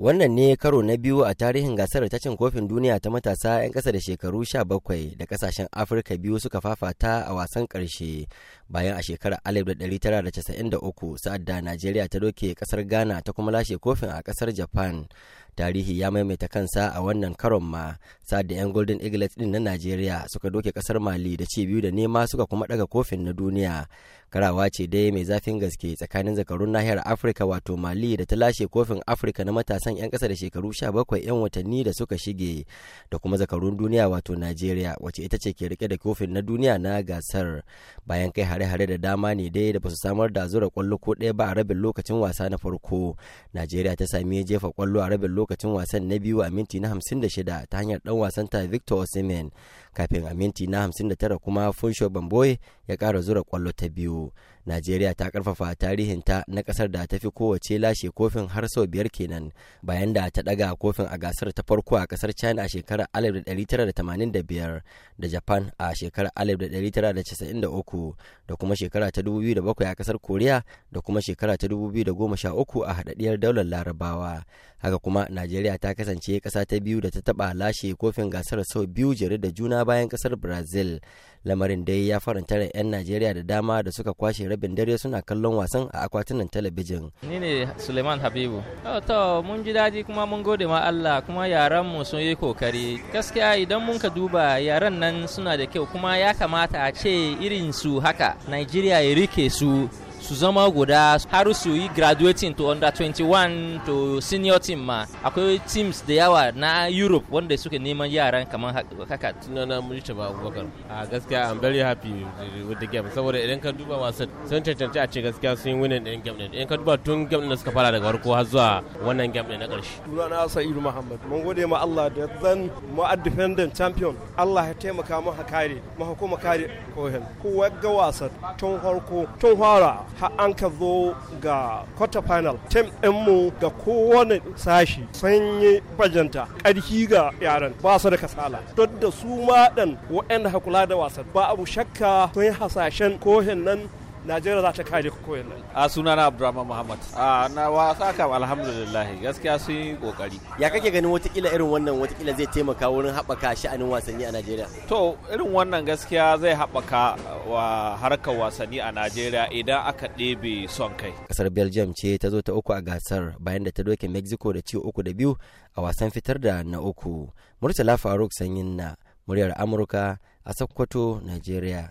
Wannan ne karo na biyu a tarihin gasar ta cin kofin duniya ta matasa 'yan kasa da shekaru 17 da kasashen Afirka biyu suka fafata a wasan karshe bayan a shekarar 1993 sa'ad da Najeriya ta doke ƙasar Ghana ta kuma lashe kofin a ƙasar Japan. Tarihi ya maimaita kansa a wannan karon ma sa'ad da 'yan Golden Eagles ɗin na Najeriya suka doke ƙasar Mali da ci biyu da nema suka kuma ɗaga kofin na duniya. karawa ce dai mai zafin gaske tsakanin zakarun nahiyar afirka wato mali da ta lashe kofin afirka na matasan 'yan kasa da shekaru 17 'yan watanni da suka shige da kuma zakarun duniya wato nigeria wacce ita ce ke rike da kofin na duniya na gasar bayan kai hare-hare da dama ne dai da basu samar da zura kwallo ko ɗaya ba a rabin lokacin wasa na farko nigeria ta sami jefa kwallo a rabin lokacin wasan na biyu a minti na 56 ta hanyar dan wasan ta victor osimhen kafin a minti na 59 kuma funsho bamboye ya ƙara zura kwallo ta biyu Najeriya ta karfafa tarihin ta na kasar da ta fi kowace lashe kofin har sau biyar kenan bayan da ta daga kofin a gasar ta farko a kasar China a shekarar 1985 da Japan a shekarar 1993 da kuma shekara ta 2007 a kasar Korea da kuma shekara ta 2013 a hadaddiyar daular Larabawa. Haka kuma Najeriya ta kasance kasa ta biyu da ta taba lashe kofin gasar sau biyu jere da juna bayan kasar Brazil. lamarin dai ya faranta ran 'yan najeriya da dama da suka kwashe rabin dare suna kallon wasan a akwatunan talabijin ni ne suleiman habibu oh, to mun ji daɗi kuma mun gode ma allah kuma yaran mu sun yi kokari gaskiya idan mun ka duba yaran nan suna da kyau kuma ya kamata a ce irin su haka najeriya ya rike su su zama guda har su yi graduating to under 21 to senior team ma akwai teams da yawa na europe wanda suke neman yaran kamar haka sunana murtaba abubakar a gaskiya i'm very happy with the game saboda idan ka duba wasu sun cancanci a ce gaskiya sun yi winning din game din idan ka duba tun game din suka fara daga farko har zuwa wannan game din na karshe sunana sa'idu muhammad mun gode ma Allah da zan mu defendant champion Allah ya taimaka mu hakare mu hukuma kare kohen kowa ga wasa tun farko tun fara har an ka zo ga quarter final tim ɗinmu ga kowane sashi sun yi bajanta ƙarfi ga yaran ba su da kasala don da su ma ɗan waɗanda hakula da wasan ba abu shakka sun yi hasashen kohin nan najeriya za ta kare ko yana a sunana abdurrahman muhammad a na wasa kam alhamdulillah gaskiya sun yi kokari ya kake ganin watakila irin wannan watakila zai taimaka wurin haɓaka sha'anin wasanni a najeriya to irin wannan gaskiya zai haɓaka wa harkar wasanni a najeriya idan aka ɗebe son kai kasar belgium ce ta zo ta uku a gasar bayan da ta doke mexico da ci uku da biyu a wasan fitar da na uku murtala faruk sanyin na muryar amurka a sokoto najeriya